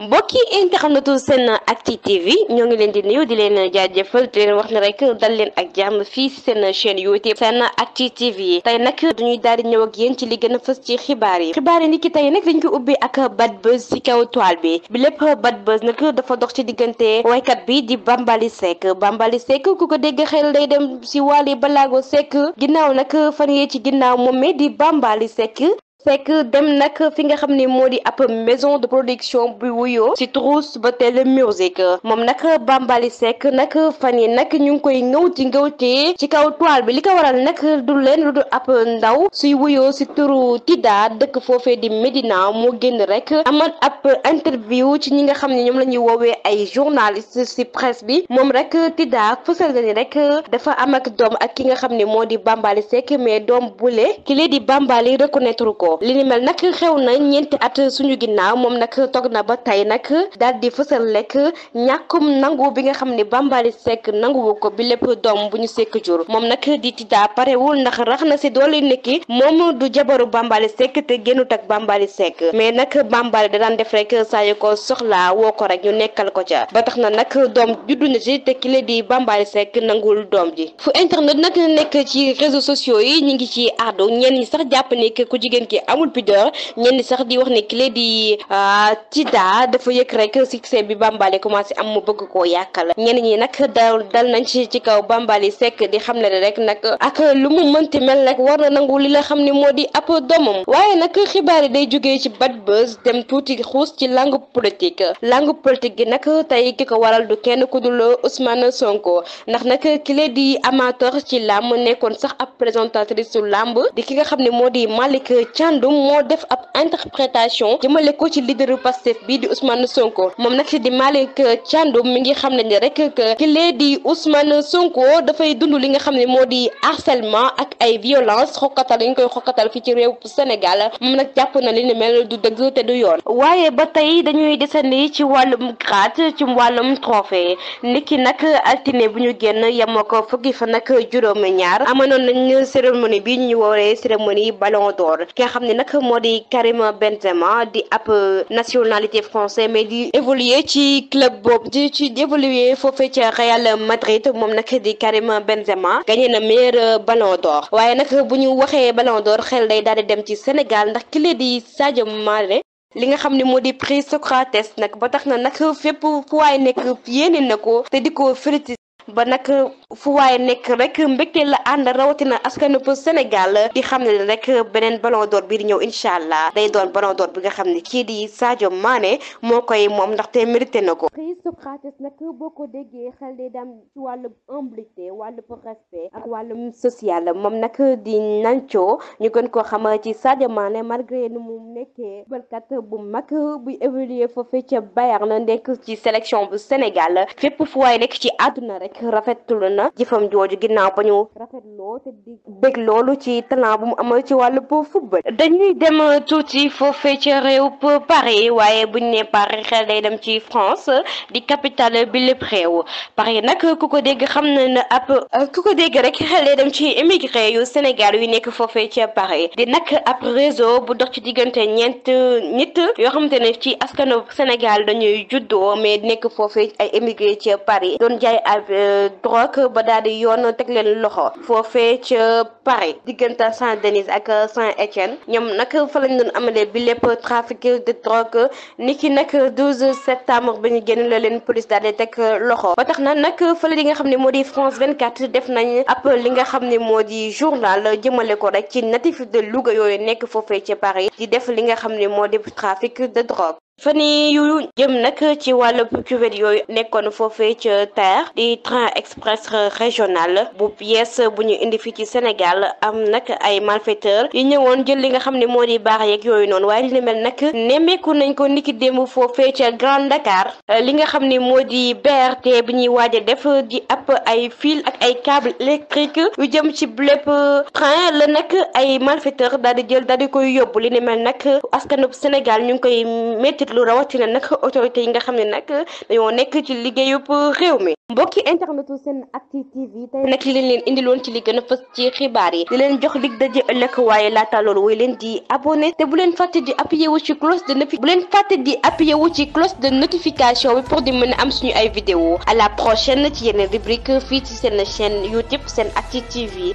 mbokki internetu seen acti yi ñoo ngi leen di nuyu di leen jaajëfal di leen wax ne rek dal leen ak jàmm fii si seen chaîne youtube seen acti yi tey nag duñuy daal di ñëw ak yéen ci li gën fës ci xibaar yi xibaar yi ni ki tey nag dañu ko ubbi ak bat buzz si kaw toile bi bi lépp bad buzz nag dafa dox ci diggante waykat bi di Bambaly Seck Bambaly Seck ku ko dégg xel day dem si Wally Ballago Seck ginnaaw nag fan yee ci ginnaaw moom di Bambaly Seck Seck dem nag fi nga xam ne moo di ab maison de production bu wuyoo ci turu Subatel Musique moom nag bambali Seck nag fan yi nag ñu ngi koy ngawti ngawtee ci kaw toile bi li ko waral nag du leen lu du ab ndaw suy wuyoo ci turu Tida dëkk foofee di Médina moo génn rek amal ab interview ci ñi nga xam ne ñoom la ñuy woowee ay journaliste ci presse bi moom rek Tida fësal ni rek dafa amak doom ak ki nga xam ne moo di bambali Seck mais doom bule ki lee di Bambaly reconnaître ko ko li ni mel nag xew na ñeenti at suñu ginnaaw moom nag toog na ba tey nag daal di fësal lekk ñàkkum nangu bi nga xam ne Bambaly Seck nanguwu ko bi lépp doom bu ñu sekk jur moom nag di tidaa parewul ndax rax na si doole nekki moom du jabaru Bambaly Seck te génnut ak Bambaly Seck mais nag Bambaly da daan def rek saa yu ko soxla woo ko rek ñu nekkal ko ca ba tax na nag doom juddu na ci te kile di Bambaly Seck nangul doom ji fu internet nag nekk ci réseaux sociaux yi ñu ngi ci àddu ñenn ñi sax jàpp ni ku jigéen ki amul pudeur ñenn sax di wax ne kile di euh, Tida dafa yëg rek succès bi Bambaly commencé am mu bëgg koo yàkkal ñenn ñi nag dal dal nañ ci ci kaw Bambaly Seck di xam ne rekk nag ak lu mu mënti mel rek war na nangu li la xam ne moo di ab doomam waaye nag xibaar yi day jógee ci bat buzz dem tuuti xuus ci langue politique langue politique gi nag tey ki ko waral du kenn ku dul Ousmane Sonko ndax nag kile di amateur ci làmb nekkoon sax ab présentatrice su làmb di ki nga xam ne moo di Malick Thiam Thiandoum moo def ab interprétation jëmale ko ci leaderu Pastef bi di Ousmane Sonko moom nag di Malick Thiandoum mi ngi xam ne ni rek que ki di Ousmane Sonko dafay dund li nga xam ne moo di harcèlement ak ay violence xokkatal yi ñu koy xokkatal fii ci réew Sénégal moom nag jàpp na li ne mel du dëgg te du yoon waaye ba tey dañuy desandi ci wàllum grade ci wàllum trophée niki nag altine bu ñu génn yemoo ko fukki fan ak juróom ñaar amanoon nañ cérémonie bi xam ne nag moo di Karim Benzema di ab euh, nationalité français mais di évoluer ci club boobu di ci évoluer foofee ca Real Madrid moom nag di Karim Benzema gagné na meilleur euh, ballon d'or waaye nag bu ñu waxee ballon d'or xel day daal dem ci Sénégal ndax kile di Sadio Mané li nga xam ni moo di prix Socrates nag ba tax na nag fépp fu waay nekk yéene na ko te di ko ba nag fu waaye nekk rek mbégte la ànd rawatina askanu Sénégal di xam ne rek beneen ballon d'or bi di ñëw incha allah day doon ballon d'or bi nga xam ne kii di Sadio maane moo koy moom ndaxte mérité na ko. xëy Socrates nag boo ko déggee xel day ci wàllum humilité wàllum respect ak wàllum social moom nag di Nacho ñu gën koo xam ci Sadio maane malgré nu mu nekkee balkat bu mag bu évolué foofee ca Bayern na nekk ci sélection bu Sénégal fépp fu waaye nekk ci àdduna rek. rek rafetlu na jëfam jooju ginnaaw ba ñu rafetloo te di bég loolu ci talent bu mu amal ci wàllu football dañuy dem tuuti foofee ca réew Paris waaye buñ ne Paris xel day dem ci France di capitale bi lépp réew Paris nag ku ko dégg xam na ne ab ku ko dégg rek xel day dem ci émigré yu Sénégal yu nekk foofee ca Paris di nag ab réseau bu dox ci diggante ñeent nit yoo xamante ne ci askanu Sénégal dañuy juddoo mais nekk foofee ay émigré ca Paris doon jaay drogue ba daal di yoon teg leen loxo foofee ca Paris diggante Saint-Denis ak Saint-Étienne ñoom nag fa lañ doon amalee bi lépp trafic de drogue ni ki nag 12 septembre ba ñu génn la leen police daal di teg loxo ba tax na nag fële li nga xam ne moo di France 24 def nañ ab li nga xam ne moo di journal jëmale ko rek ci natif de Louga yooyu nekk foofee ca Paris di def li nga xam ne moo di trafic de drogue. fan yu jëm nag ci wàllu cuvette yooyu nekkoon foofee ca terre di train express régional bu pièce bu ñu indi fii ci Sénégal am nag ay malfaiteurs yu ñëwoon jël li nga xam ne moo di baax yeek yooyu noonu waaye li mel nag nemmeeku nañ ko niki démb foofee ca Grand ndakaar li nga xam ne moo di BRT bi ñuy waaj def di app ay fil ak ay câble électrique yu jëm ci lépp train la nag ay malfaiteurs daal di jël daal koy yóbbu li ne mel nag askanu Sénégal ñu ngi rafetlu rawatina nag autorités yi nga xam ne nag dañoo nekk ci liggéeyub réew mi mbokki internetu SENactu TV tey nag li leen leen indiloon ci li gën a fës ci xibaar yi di leen jox dig daje ëllëg waaye laata loolu woy leen di abonné te bu leen fàtte di appuyé wu ci cloche de notification leen fàtte di appuyé wu ci cloche de notification bi pour di mën a am suñu ay vidéo à la prochaine ci yeneen rubrique fii ci seen chaîne YouTube SENactu yi